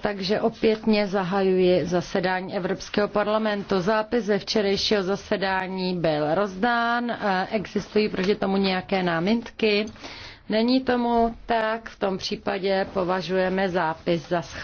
Takže opětně zahajuji zasedání Evropského parlamentu. Zápis ze včerejšího zasedání byl rozdán. E, existují proti tomu nějaké námitky? Není tomu tak, v tom případě považujeme zápis za schválený.